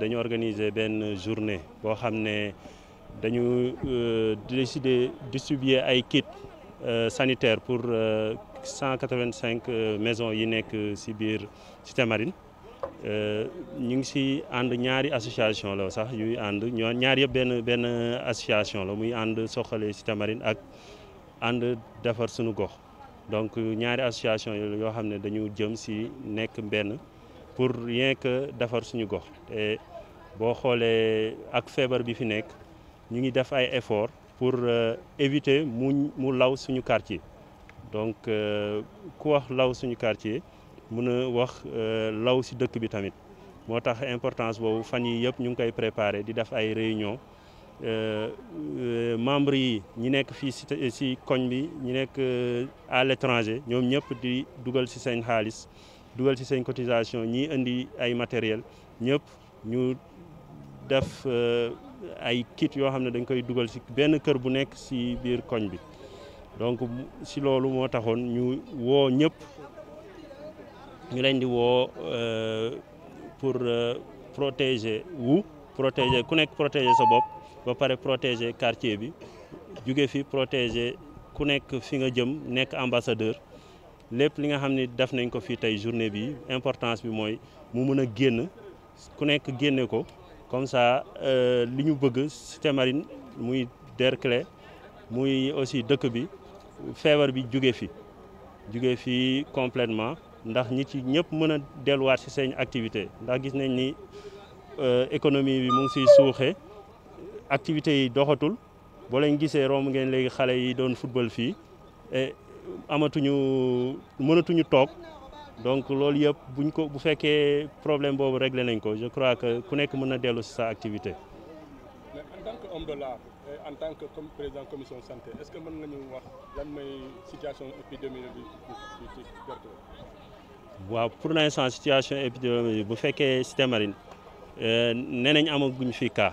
dañu organiser benn journée boo xam ne dañu euh, décider distribuer ay kit euh, sanitaire pour euh, cent quatre-vingt-cinq maisons yi nekk ci biir Cité Marine ñu ngi si ànd ñaari association la sax yuy ànd ñoo ñaari yëpp benn benn association la muy ànd soxale Cité Marine ak ànd defar suñu gox donc ñaari association yoo xam ne dañu jëm si nekk benn pour rien que defar suñu gox boo xoolee ak feebar bi fi nekk ñu ngi def ay effort pour euh, éviter mu mu law suñu quartier donc euh, ku wax law suñu quartier mun a wax euh, law si dëkk bi tamit moo tax importance boobu fan yi yëpp ñu ngi koy préparer di def ay réunion membre yi ñu nekk fii si si koñ bi ñu nekk à l'étranger ñoom ñëpp di dugal si seen xaalis dugal si seen cotisation ñii indi ay matériel ñëpp ñu def euh, ay kit yoo xam ne dañ koy dugal ci benn kër bu nekk si biir koñ bi donc si loolu moo taxoon ñu woo ñëpp ñu leen di woo euh, pour euh, protéger wu protéger ku nekk protéger sa bopp ba pare protéger quartier bi juge fi protéger ku nekk fi nga jëm nekk ambassadeur lépp li nga xam ne def nañ ko fii tey journée bi importance bi mooy mu mun a génn ku nekk génne ko comme ça euh, li ñu bëgg cité muy Derklé muy aussi dëkk bi feebar bi jóge fi jóge fi complètement ndax ñi ci ñëpp mën a delluwaat si seen activité ndax gis nañ ni euh, économie bi mu ngi siy suuxee activités yi doxatul boo leen gisee romb ngeen léegi xale yi doon football fii et amatuñu mënatuñu toog donc loolu yëpp buñ ko bu fekkee problème boobu réglé nañ ko je crois que ku nekk mën na dellu si sa activité. mais en tant que homme de l'art en tant nga ñu wax lan mooy situation waaw pour l'instant situation épidémiologique bu fekkee Cité Marine euh, nee nañ amaguñ fi cas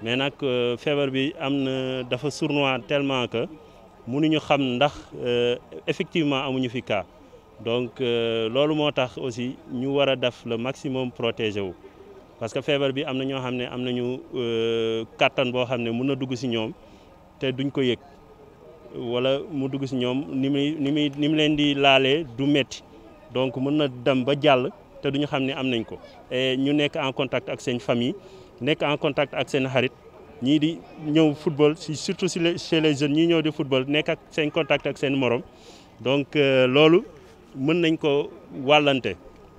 mais nag euh, feebar bi am na dafa sournois tellement que mënuñu xam ndax euh, effectivement amuñu fi cas. donc euh, loolu moo tax aussi ñu war a def le maximum protéger wu parce que feebar bi am na ñoo xam ne am nañu euh, kàttan boo xam ne mun na dugg si ñoom te duñ ko yëg wala mu dugg si ñoom ni muy ni muy ni mu leen di laalee du metti donc mën na dem ba jàll te duñu xam ne am nañ ko et ñu nekk en contact ak seen famille nekk en contact ak seen xarit ñii di ñëw football si surtout si le les jeunes ñii ñëw di football nekk ak seen contact ak seen moroom donc euh, loolu mën nañ ko wàllante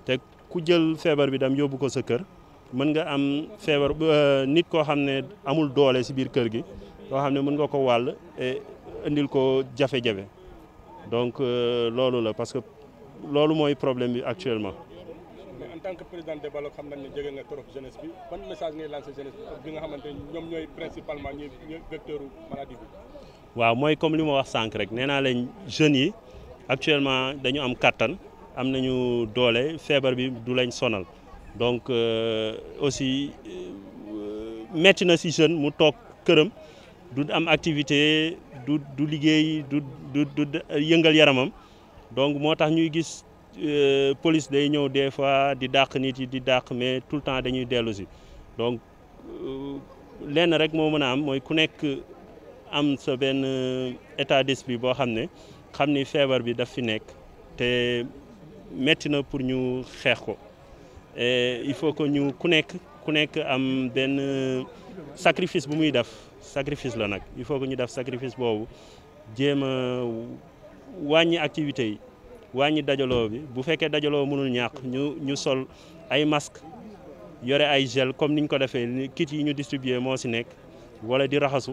te ku jël feebar bi dam yóbbu ko sa kër mën nga am feebar euh, nit koo xam ne amul doole si biir kër gi koo xam ne mën nga ko wàll et indil ko jafe-jafe donc euh, loolu la parce que loolu mooy problème bi actuellement. mais en tant que président de jege nga trop jeunesse bi ban message ngay lancer nga xamante ne ñoom ñooy principalement ñooy vecteur maladie bi. waaw mooy comme li ma wax sànq rek nee naa leen jeunes yi. actuellement dañu am kàttan am nañu doole feebar bi du lañ sonal donc euh, aussi euh, metti na si jeune mu toog këram du am activité du du liggéey du du du yëngal yaramam donc moo tax ñuy gis euh, police day ñëw des fois di dàq nit yi di dàq mais tout le temps dañuy dellusi donc lenn rek moo mën a am mooy ku nekk am sa benn état d'esprit boo xam ne xam ni feebar bi daf fi nekk te metti na pour ñu xeex ko et il faut que ñu ku nekk ku nekk am benn sacrifice bu muy def sacrifice la nag il faut que ñu def sacrifice boobu jéem a wàññi activité yi wàññi dajaloo bi bu fekkee dajaloo mënul ñàkk ñu ñu sol ay masque yore ay gel comme niñ ko defee kit yi ñu distribuer moo si nekk wala di raxasu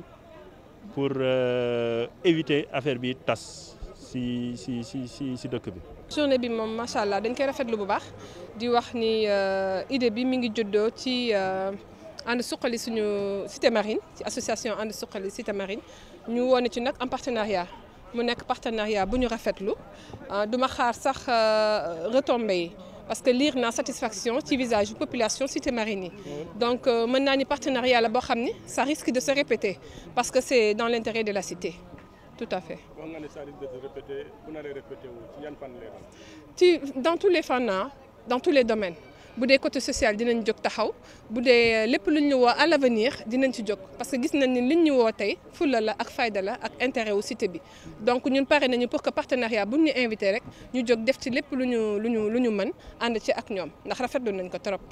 pour euh, éviter affaire bi tas si si si si si dëkk bi. journée bi moom macha allah dañ koy rafetlu bu baax di wax ni euh, ide bi mi ngi juddoo ci euh, ànd suqali suñu cité marine ci association ànd suqali cité marine ñu woone ci nag en partenariat. mu nekk partenariat bu ñu rafetlu euh, ma xaar sax retombées yi parce que lire naa satisfaction ci visage population cité marine yi donc mën naa ni partenariat la boo xam ni ça risque de se répéter parce que c'est dans l'intérêt de la cité tout à fait. wax nga ne ça risque dans tous les fànn dans tous les domaines bu dee côté social dinañ jóg taxaw bu dee lépp lu ñu woo à l' avenir dinañ ci jóg parce que gis nañ ni liñ ñu woo tey fulla la ak fayda la ak intérêt wu cité bi donc ñun pare nañu pour que partenariat buñ ñu invité rek ñu jóg def ci lépp lu ñu lu ñu lu ñu mën ànd ci ak ñoom ndax rafetlu nañ ko trop.